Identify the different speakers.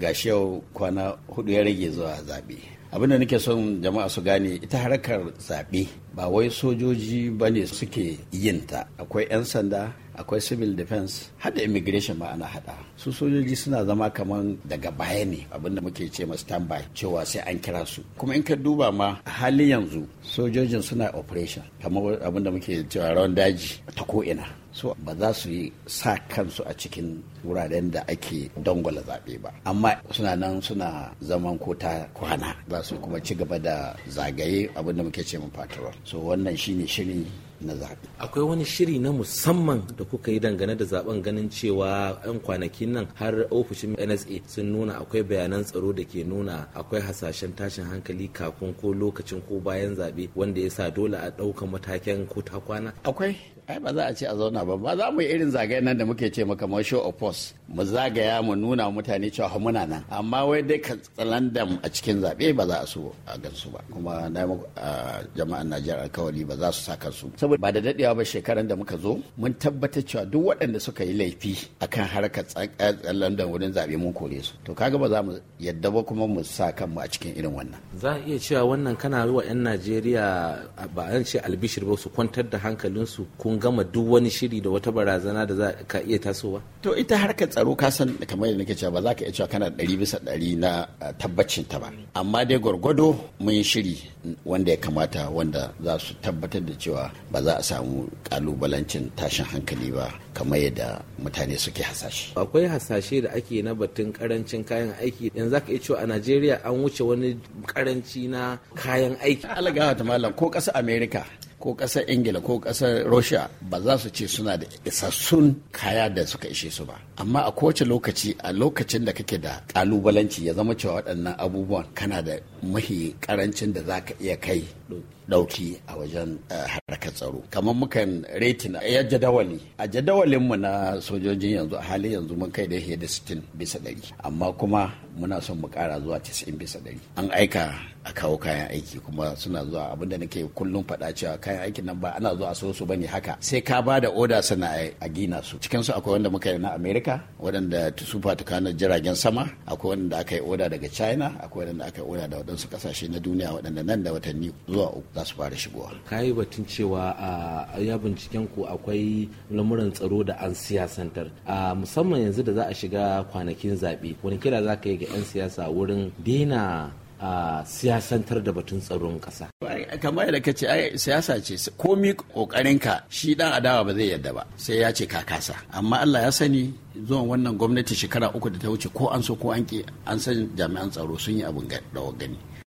Speaker 1: ga shi yau kwana hudu ya rage zuwa zaɓe abinda nake son jama'a su gane ita harkar zaɓe ba wai sojoji ba ne suke ta. akwai 'yan sanda akwai civil defense hada immigration ma ana hada su sojoji suna zama kamar daga baya ne abinda muke ce ma standby cewa sai an kira su kuma in ka duba ma halin yanzu sojojin suna operation kamar abinda muke cewa rawan daji ta ko'ina. so ba za su yi sa kansu a cikin wuraren da ake dangwala zaɓe ba amma suna nan suna zaman kota kwana za su kuma ci gaba da zagaye abinda da muke ce mu patrol so wannan shine shiri na zaɓe. Akwai wani shiri na musamman
Speaker 2: da kuka yi dangane da zaben ganin cewa 'yan kwanakin nan har ofishin NSA sun nuna akwai bayanan tsaro da ke nuna akwai hasashen tashin hankali kafin ko lokacin ko bayan zaɓe wanda ya sa dole a ɗaukan matakin ko ta kwana. Akwai ai ba za a ce a zauna
Speaker 1: ba ba za mu yi irin zagayen nan da muke ce maka kamar show of force mu zagaya mu nuna mutane cewa muna nan amma wai dai ka tsalandam a cikin zaɓe ba za a so a gansu ba kuma na jama'an Najeriya alkawari ba za su sa kansu ba da dadewa ba shekaran da muka zo mun tabbatar cewa duk waɗanda suka yi laifi akan harkar tsakiyar eh, da wurin zaɓe mun kore su to kaga ba za mu yadda ba kuma mu sa kanmu a cikin irin wannan
Speaker 2: za a iya cewa wannan kana wa 'yan najeriya ba an ce albishir ba su kwantar da hankalinsu kun gama duk wani shiri da wata barazana da za ka iya tasowa to ita harkar tsaro ka san kamar yadda nake cewa ba za ka
Speaker 1: iya cewa kana ɗari bisa ɗari na tabbacin ta ba amma dai gwargwado mun shiri wanda ya kamata wanda za su tabbatar da cewa ba ba za a samu kalubalancin tashin hankali ba kamar yadda mutane suke hasashe.
Speaker 2: Akwai hasashe da ake na batun karancin kayan aiki yanzu aka iya cewa a Najeriya an wuce wani karanci na kayan aiki.
Speaker 1: Alagawa ta malam ko ƙasar Amerika ko ƙasar ingila ko ƙasar russia ba za su ce suna da isassun kaya da suka ishe su ba amma a kowace lokaci a lokacin da kake da kalubalanci ya zama cewa waɗannan abubuwan kana da mahi ƙarancin da za ka iya kai Dauki a wajen eh, harkar tsaro kamar mukan retin eh, ya jadawali a jadawalinmu na sojojin yanzu a halin yanzu mun kai da ya da 60 bisa dari. amma kuma muna son mu kara zuwa 90 bisa dari. an aika a kawo kayan aiki kuma suna zuwa abinda nake kullum faɗa cewa kayan aikin nan ba ana zuwa so su bane haka sai ka ba da oda sana a gina su cikin su akwai wanda muka yi na america waɗanda tusufa tukana jiragen sama akwai wanda aka yi oda daga china akwai wanda aka yi oda da waɗansu ƙasashe na duniya waɗanda nan da watanni zuwa za su fara shigowa
Speaker 2: kayi batun cewa a ya binciken ku akwai lamuran tsaro da an siyasantar a musamman yanzu da za a shiga kwanakin zaɓe wani kira za ka yi ga 'yan siyasa wurin daina a siyasantar da batun tsaron kasa.
Speaker 1: kamar yadda ka ce siyasa ce komi ka shi dan adawa ba zai yadda ba sai ya ce kakasa amma Allah ya sani zuwan wannan gwamnati shekara uku da ta wuce ko an so ko an ki an san jami'an tsaro sun yi abin dawa gani